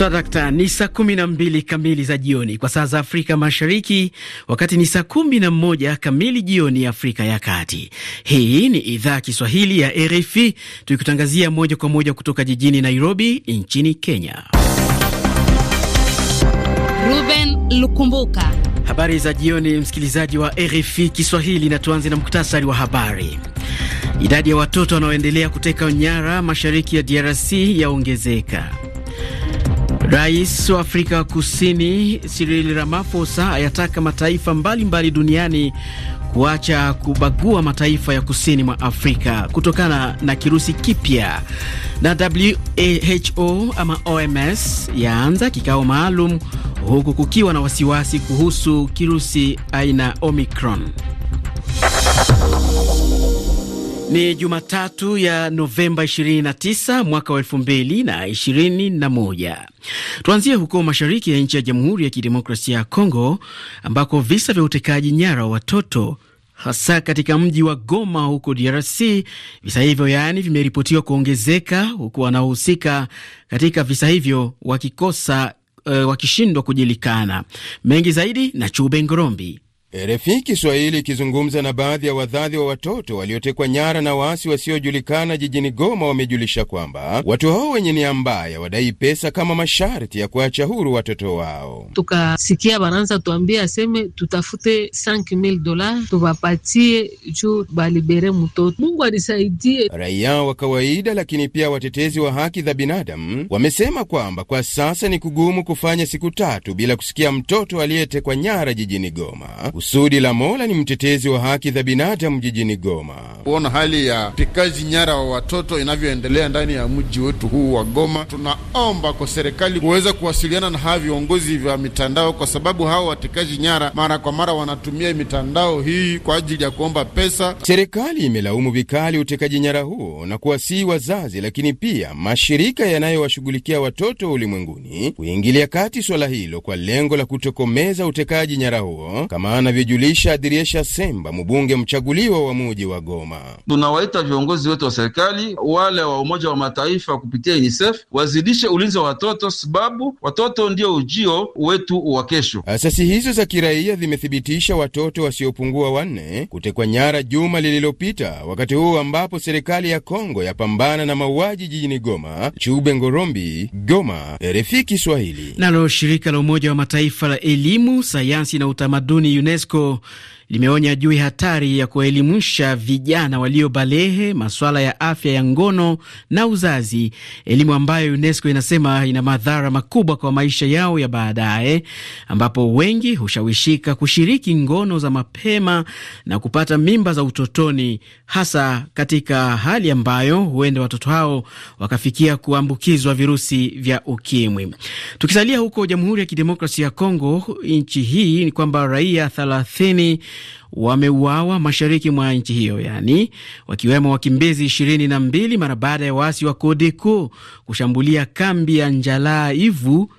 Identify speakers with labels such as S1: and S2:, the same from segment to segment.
S1: Sawa dakta, ni saa kumi na mbili kamili za jioni kwa saa za Afrika Mashariki, wakati ni saa kumi na moja kamili jioni Afrika ya Kati. Hii ni idhaa ya Kiswahili ya RFI tukikutangazia moja kwa moja kutoka jijini Nairobi nchini Kenya. Ruben Lukumbuka, habari za jioni msikilizaji wa RFI Kiswahili, na tuanze na muktasari wa habari. Idadi ya watoto wanaoendelea kuteka nyara mashariki ya DRC yaongezeka. Rais wa Afrika Kusini Cyril Ramaphosa ayataka mataifa mbalimbali mbali duniani kuacha kubagua mataifa ya kusini mwa Afrika kutokana na kirusi kipya. Na WHO ama OMS yaanza kikao maalum huku kukiwa na wasiwasi kuhusu kirusi aina Omicron. Ni Jumatatu ya Novemba 29 mwaka wa 2021. Tuanzie huko mashariki ya nchi ya Jamhuri ya Kidemokrasia ya Kongo ambako visa vya utekaji nyara wa watoto hasa katika mji wa Goma huko DRC, visa hivyo yaani vimeripotiwa kuongezeka huku wanaohusika katika visa hivyo wakikosa, uh, wakishindwa kujulikana. Mengi zaidi na Chube Ngorombi.
S2: RFI Kiswahili ikizungumza na baadhi ya wadhadhi wa watoto waliotekwa nyara na waasi wasiojulikana jijini Goma wamejulisha kwamba watu hao wenye nia mbaya wadai pesa kama masharti ya kuacha huru watoto wao.
S1: Tukasikia bananza tuambie aseme tutafute 5000 dola tuwapatie juu balibere mtoto. Mungu anisaidie.
S2: Raia wa kawaida lakini pia watetezi wa haki za binadamu wamesema kwamba kwa sasa ni kugumu kufanya siku tatu bila kusikia mtoto aliyetekwa nyara jijini Goma. Kusudi la Mola ni mtetezi wa haki za binadamu jijini Goma. Kuona hali ya utekaji nyara wa watoto inavyoendelea ndani ya mji wetu huu wa Goma, tunaomba kwa serikali kuweza kuwasiliana na hawa viongozi vya mitandao, kwa sababu hawa watekaji nyara mara kwa mara wanatumia mitandao hii kwa ajili ya kuomba pesa. Serikali imelaumu vikali utekaji nyara huo na kuwasii wazazi, lakini pia mashirika yanayowashughulikia watoto ulimwenguni kuingilia kati swala hilo kwa lengo la kutokomeza utekaji nyara huo kama anavyojulisha Dirisha Semba, mbunge mchaguliwa wa muji wa Goma. Tunawaita viongozi wetu wa serikali wale wa Umoja wa Mataifa kupitia UNICEF wazidishe ulinzi wa watoto, sababu watoto ndio ujio wetu wa kesho. Asasi hizo za kiraia zimethibitisha watoto wasiopungua wanne kutekwa nyara juma lililopita, wakati huu ambapo serikali ya Kongo yapambana na mauaji jijini Goma. Chube Ngorombi, Goma, RFI Kiswahili.
S1: Nalo shirika la Umoja wa Mataifa la elimu, sayansi na utamaduni UNESCO fresco limeonya juu ya hatari ya kuwaelimisha vijana waliobalehe masuala ya afya ya ngono na uzazi, elimu ambayo UNESCO inasema ina madhara makubwa kwa maisha yao ya baadaye, ambapo wengi hushawishika kushiriki ngono za mapema na kupata mimba za utotoni, hasa katika hali ambayo huenda watoto hao wakafikia kuambukizwa virusi vya ukimwi. Tukisalia huko Jamhuri ya Kidemokrasia ya Kongo, nchi hii ni kwamba raia thelathini wameuawa mashariki mwa nchi hiyo, yani wakiwemo wakimbizi ishirini na mbili mara baada ya waasi wa Kodeko kushambulia kambi ya Njalaa Ivu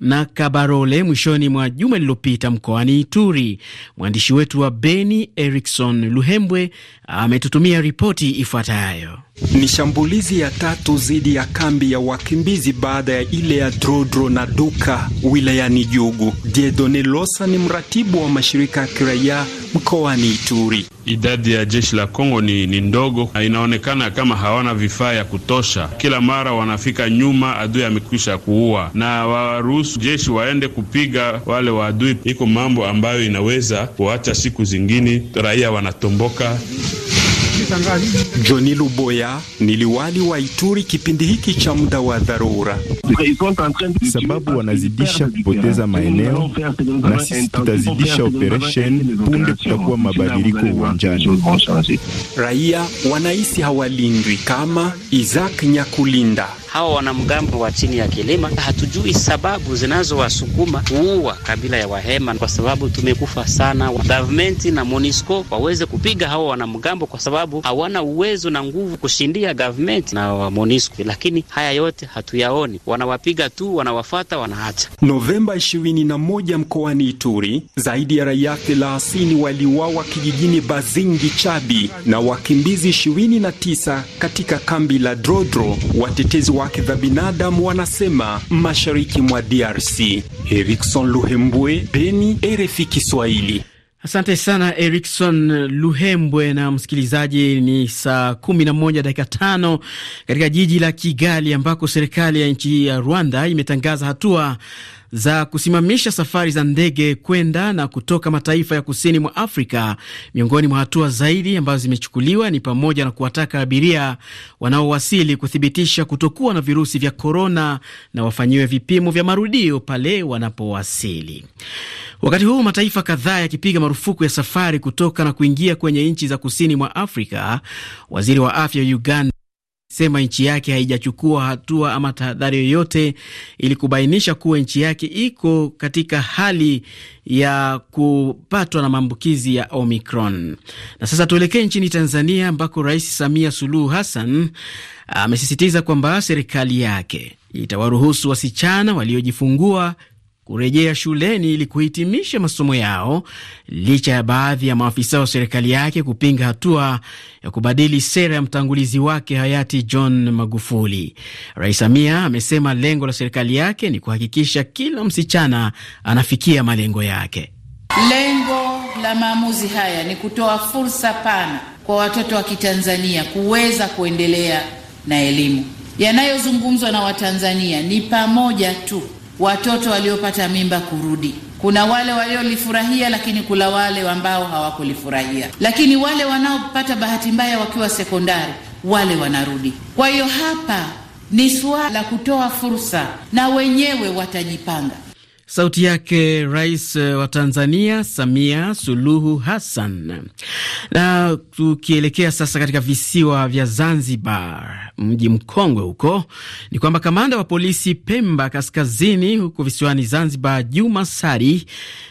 S1: na Kabarole mwishoni mwa juma lililopita mkoani Ituri. Mwandishi wetu wa Beni Erikson Luhembwe ametutumia ripoti ifuatayo. Ni shambulizi ya tatu dhidi ya
S2: kambi ya wakimbizi baada ya ile ya Drodro na Duka wilayani Jugu. Diedone Losa ni mratibu wa mashirika ya kiraia mkoani Ituri. Idadi ya jeshi la Kongo ni, ni ndogo na inaonekana kama hawana vifaa ya kutosha. Kila mara wanafika nyuma, adui amekwisha kuua, na waruhusu jeshi waende kupiga wale wa adui. Iko mambo ambayo inaweza kuacha siku zingine raia wanatomboka Johnny Luboya ni liwali wa Ituri kipindi hiki cha muda wa dharura,
S3: sababu wanazidisha kupoteza maeneo
S1: na sisi tutazidisha operation punde
S3: kutakuwa mabadiliko uwanjani.
S1: Raia wanahisi hawalindwi kama Isaac Nyakulinda hawa wanamgambo wa chini ya kilima. Hatujui sababu zinazowasukuma kuua kabila ya Wahema, kwa sababu tumekufa sana. Gavumenti na MONUSCO waweze kupiga hawa wanamgambo, kwa sababu hawana uwezo na nguvu kushindia gavumenti na MONUSCO, lakini haya yote hatuyaoni, wanawapiga tu, wanawafata, wanaacha.
S2: Novemba 21 mkoani Ituri, zaidi ya raia 30 waliuawa kijijini Bazingi Chabi na wakimbizi 29 katika kambi la Drodro watetezi wa
S3: haki za binadamu wanasema mashariki mwa DRC. Erikson Luhembwe, Beni, RFI Kiswahili.
S1: Asante sana Erikson Luhembwe. Na msikilizaji, ni saa 11 dakika tano katika jiji la Kigali ambako serikali ya nchi ya Rwanda imetangaza hatua za kusimamisha safari za ndege kwenda na kutoka mataifa ya kusini mwa Afrika. Miongoni mwa hatua zaidi ambazo zimechukuliwa ni pamoja na kuwataka abiria wanaowasili kuthibitisha kutokuwa na virusi vya korona na wafanyiwe vipimo vya marudio pale wanapowasili. Wakati huu mataifa kadhaa yakipiga marufuku ya safari kutoka na kuingia kwenye nchi za kusini mwa Afrika, waziri wa afya Uganda sema nchi yake haijachukua hatua ama tahadhari yoyote ili kubainisha kuwa nchi yake iko katika hali ya kupatwa na maambukizi ya Omicron. Na sasa tuelekee nchini Tanzania ambako Rais Samia Suluhu Hassan amesisitiza kwamba serikali yake itawaruhusu wasichana waliojifungua kurejea shuleni ili kuhitimisha masomo yao licha ya baadhi ya maafisa wa serikali yake kupinga hatua ya kubadili sera ya mtangulizi wake hayati John Magufuli. Rais Samia amesema lengo la serikali yake ni kuhakikisha kila msichana anafikia malengo yake. Lengo la maamuzi haya ni kutoa fursa pana kwa watoto wa Kitanzania kuweza kuendelea na elimu. Yanayozungumzwa na Watanzania ni pamoja tu watoto waliopata mimba kurudi. Kuna wale waliolifurahia, lakini kuna wale ambao hawakulifurahia. Lakini wale wanaopata bahati mbaya wakiwa sekondari, wale wanarudi. Kwa hiyo hapa ni suala la kutoa fursa, na wenyewe watajipanga. Sauti yake Rais eh, wa Tanzania Samia Suluhu Hassan. Na tukielekea sasa katika visiwa vya Zanzibar mji mkongwe huko, ni kwamba kamanda wa polisi Pemba Kaskazini huko visiwani Zanzibar, Juma Sari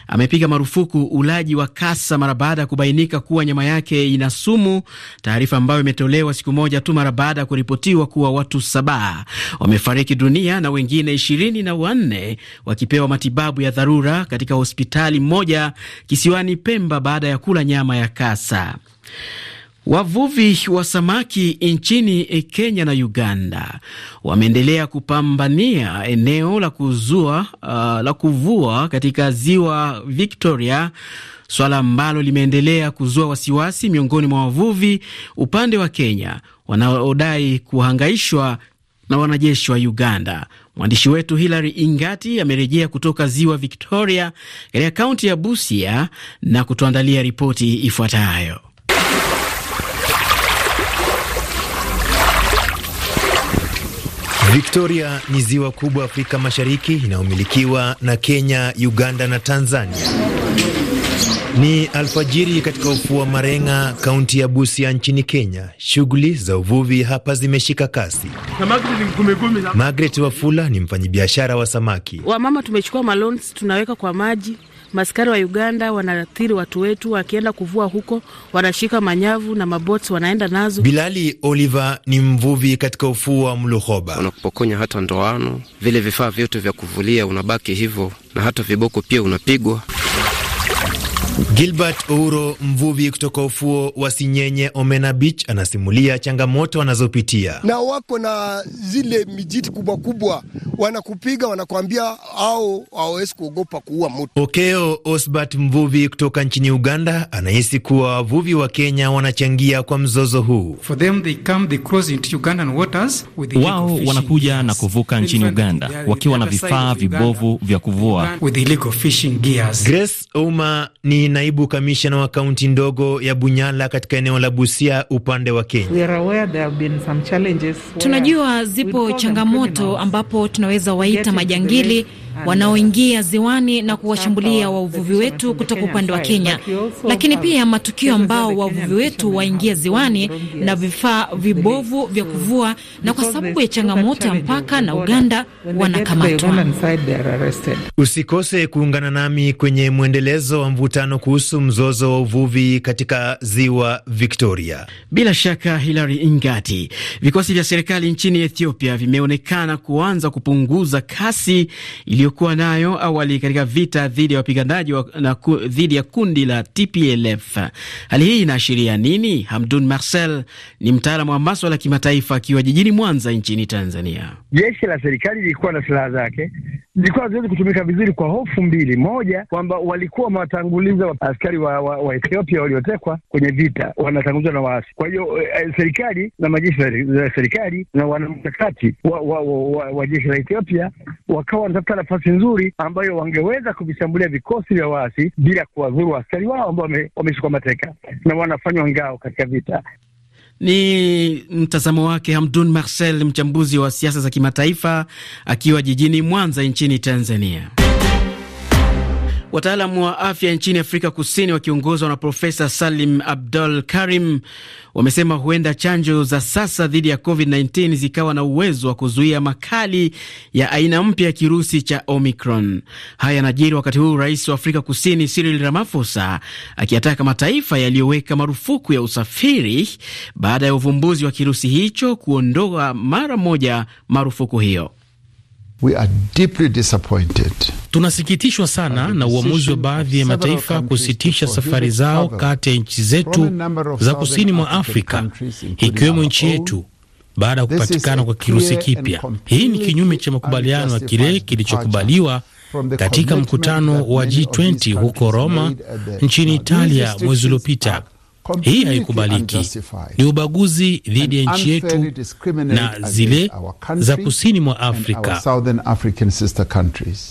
S1: amepiga marufuku ulaji wa kasa mara baada ya kubainika kuwa nyama yake ina sumu, taarifa ambayo imetolewa siku moja tu mara baada ya kuripotiwa kuwa watu saba wamefariki dunia na wengine ishirini na wanne wakipewa matibabu ya dharura katika hospitali moja kisiwani Pemba baada ya kula nyama ya kasa. Wavuvi wa samaki nchini Kenya na Uganda wameendelea kupambania eneo la kuzua, uh, la kuvua katika ziwa Victoria, swala ambalo limeendelea kuzua wasiwasi miongoni mwa wavuvi upande wa Kenya wanaodai kuhangaishwa na wanajeshi wa Uganda. Mwandishi wetu Hilary Ingati amerejea kutoka ziwa Victoria katika kaunti ya Busia na kutuandalia ripoti ifuatayo.
S3: Victoria ni ziwa kubwa Afrika Mashariki inayomilikiwa na Kenya, Uganda na Tanzania. Ni alfajiri katika ufuo wa Marenga, kaunti ya Busia nchini Kenya. Shughuli za uvuvi hapa zimeshika kasi. Margaret Wafula ni mfanyabiashara wa samaki.
S1: Wamama tumechukua malons tunaweka kwa maji, maskari wa Uganda wanaathiri watu wetu, wakienda kuvua huko wanashika manyavu na mabots wanaenda nazo.
S3: Bilali Oliver ni mvuvi katika ufuo wa Mluhoba. unakupokonya hata ndoano, vile vifaa vyote vya kuvulia, unabaki hivyo na hata viboko pia unapigwa. Gilbert Ouro, mvuvi kutoka ufuo wa Sinyenye Omena Beach, anasimulia changamoto wanazopitia.
S4: Na wako na zile mijiti
S2: kubwa kubwa, wanakupiga wanakuambia au hawawezi kuogopa
S3: kuua mtu. Okeo Osbert, mvuvi kutoka nchini Uganda, anahisi kuwa wavuvi wa Kenya wanachangia kwa mzozo huu.
S2: Wao wanakuja
S4: na kuvuka nchini Uganda wakiwa na vifaa vibovu vya kuvua. Grace
S3: Ouma ni naibu kamishna wa kaunti ndogo ya Bunyala katika eneo la Busia upande wa
S1: Kenya. Tunajua zipo changamoto ambapo tunaweza waita majangili wanaoingia ziwani uh, na kuwashambulia wavuvi wetu kutoka upande wa Kenya, lakini pia matukio ambao wavuvi wetu waingia ziwani na vifaa vibovu vya kuvua, na kwa sababu ya changamoto ya mpaka na Uganda wanakamatwa.
S3: Usikose kuungana nami kwenye mwendelezo wa mvutano kuhusu mzozo wa uvuvi katika ziwa Victoria.
S1: Bila shaka, Hilary Ingati, vikosi vya serikali nchini Ethiopia vimeonekana kuanza kupunguza kasi iliyokuwa nayo awali katika vita dhidi ya wapiganaji wa, dhidi ya kundi la TPLF. Hali hii inaashiria nini? Hamdun Marcel ni mtaalamu wa maswala ya kimataifa akiwa jijini Mwanza nchini Tanzania.
S2: Jeshi la serikali lilikuwa na silaha zake, zilikuwa haziwezi kutumika vizuri kwa hofu mbili. Moja, kwamba walikuwa wamewatanguliza askari wa, wa, wa Ethiopia waliotekwa kwenye vita wanatanguzwa na waasi. Kwa hiyo eh, serikali na majeshi ya serikali na wanamkakati wa, wa, wa, wa, wa jeshi la Ethiopia wakawa wanatafuta nafasi nzuri ambayo wangeweza kuvishambulia vikosi vya waasi bila kuwadhuru askari wao ambao wameshikwa mateka na wanafanywa ngao katika
S1: vita. Ni mtazamo wake Hamdun Marcel, mchambuzi wa siasa za kimataifa akiwa jijini Mwanza nchini Tanzania. Wataalamu wa afya nchini Afrika Kusini wakiongozwa na Profesa Salim Abdul Karim wamesema huenda chanjo za sasa dhidi ya COVID-19 zikawa na uwezo wa kuzuia makali ya aina mpya ya kirusi cha Omicron. Haya yanajiri wakati huu rais wa Afrika Kusini Cyril Ramaphosa akiyataka mataifa yaliyoweka marufuku ya usafiri baada ya uvumbuzi wa kirusi hicho kuondoa mara moja marufuku hiyo.
S2: We are deeply disappointed.
S1: Tunasikitishwa sana na uamuzi
S2: wa baadhi ya mataifa kusitisha safari zao kati ya nchi zetu za kusini mwa Afrika ikiwemo nchi yetu baada ya kupatikana kwa kirusi kipya. Hii ni kinyume cha makubaliano ya kile kilichokubaliwa katika mkutano wa G20 huko Roma nchini Italia mwezi uliopita. Hii haikubaliki, ni ubaguzi dhidi ya nchi yetu
S1: na zile za kusini
S2: mwa Afrika.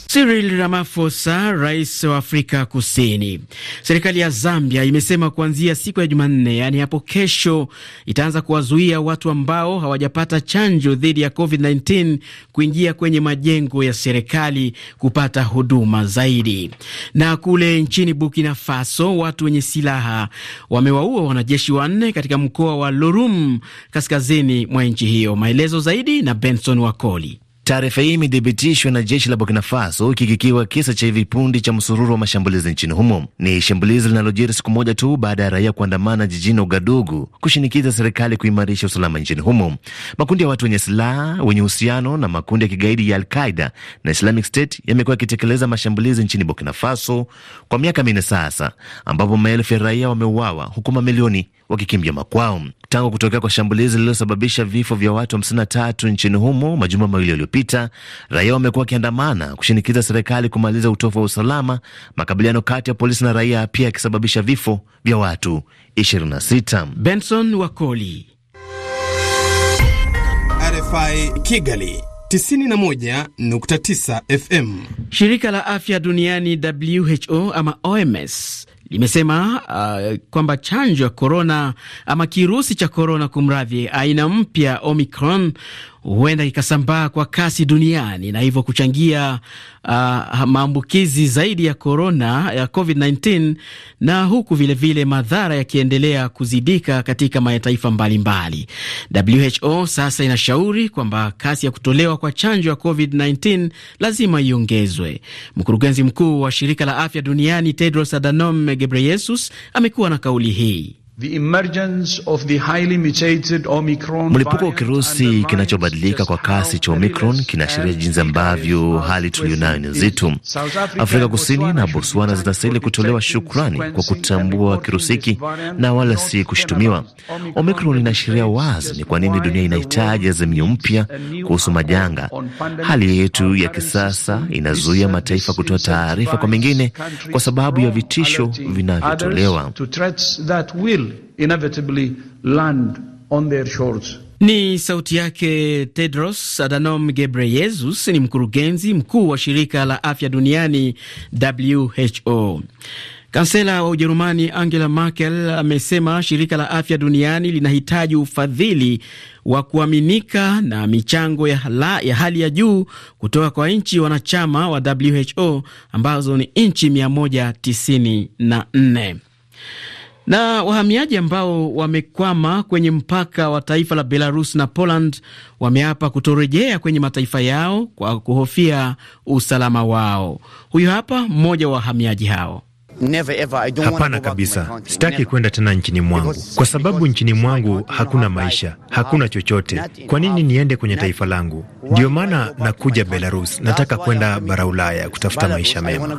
S1: Cyril Ramaphosa, rais wa Afrika Kusini. Serikali ya Zambia imesema kuanzia siku ya Jumanne, yaani hapo kesho, itaanza kuwazuia watu ambao hawajapata chanjo dhidi ya COVID-19 kuingia kwenye majengo ya serikali kupata huduma zaidi. Na kule nchini Burkina Faso, watu wenye silaha wamewa kuwaua wanajeshi wanne katika mkoa wa Lorum kaskazini mwa nchi hiyo. Maelezo zaidi na Benson Wakoli.
S4: Taarifa hii imethibitishwa na jeshi la Burkina Faso, kikikiwa kisa cha hivi punde cha msururu wa mashambulizi nchini humo. Ni shambulizi linalojiri siku moja tu baada ya raia kuandamana jijini Ugadugu kushinikiza serikali kuimarisha usalama nchini humo. Makundi ya watu wenye silaha wenye uhusiano na makundi ya kigaidi ya alqaida na Islamic State yamekuwa yakitekeleza mashambulizi nchini Burkina Faso kwa miaka minne sasa, ambapo maelfu ya raia wameuawa huku mamilioni wakikimbia makwao tangu kutokea kwa shambulizi lililosababisha vifo vya watu 53 nchini humo majuma mawili yaliyopita. Raia wamekuwa wakiandamana kushinikiza serikali kumaliza utofu wa usalama, makabiliano kati ya polisi na raia pia yakisababisha vifo vya watu 26. Benson Wakoli, RFI Kigali
S1: 91.9 FM. Shirika la afya duniani WHO ama OMS limesema uh, kwamba chanjo ya korona ama kirusi cha korona kumradhi, aina mpya Omicron huenda ikasambaa kwa kasi duniani na hivyo kuchangia uh, maambukizi zaidi ya korona ya COVID-19 na huku vilevile vile madhara yakiendelea kuzidika katika mataifa mbalimbali. WHO sasa inashauri kwamba kasi ya kutolewa kwa chanjo ya COVID-19 lazima iongezwe. Mkurugenzi mkuu wa shirika la afya duniani Tedros Adhanom Ghebreyesus amekuwa na kauli hii.
S4: Mlipuko wa kirusi kinachobadilika kwa kasi cha Omicron kinaashiria jinsi ambavyo hali tuliyonayo ni nzito. Afrika Kusini na Botswana zinastahili kutolewa shukrani kwa kutambua kirusi hiki na wala si kushutumiwa. Omicron inaashiria wazi ni kwa nini dunia inahitaji azimio mpya kuhusu majanga. Hali yetu ya kisasa inazuia mataifa kutoa taarifa kwa mengine kwa sababu ya vitisho vinavyotolewa
S1: inevitably land on their shores. Ni sauti yake Tedros Adhanom Ghebreyesus, ni mkurugenzi mkuu wa shirika la afya duniani WHO. Kansela wa Ujerumani Angela Merkel amesema shirika la afya duniani linahitaji ufadhili wa kuaminika na michango ya, hala, ya hali ya juu kutoka kwa nchi wanachama wa WHO ambazo ni nchi 194. Na wahamiaji ambao wamekwama kwenye mpaka wa taifa la Belarus na Poland wameapa kutorejea kwenye mataifa yao kwa kuhofia usalama wao. huyu hapa mmoja wa wahamiaji hao. Never, ever. I don't hapana kabisa, sitaki
S3: kwenda tena nchini mwangu kwa sababu nchini mwangu hakuna maisha, hakuna chochote. Kwa nini niende kwenye taifa langu? Ndiyo maana nakuja Belarus, nataka kwenda bara Ulaya kutafuta maisha mema.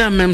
S4: na mam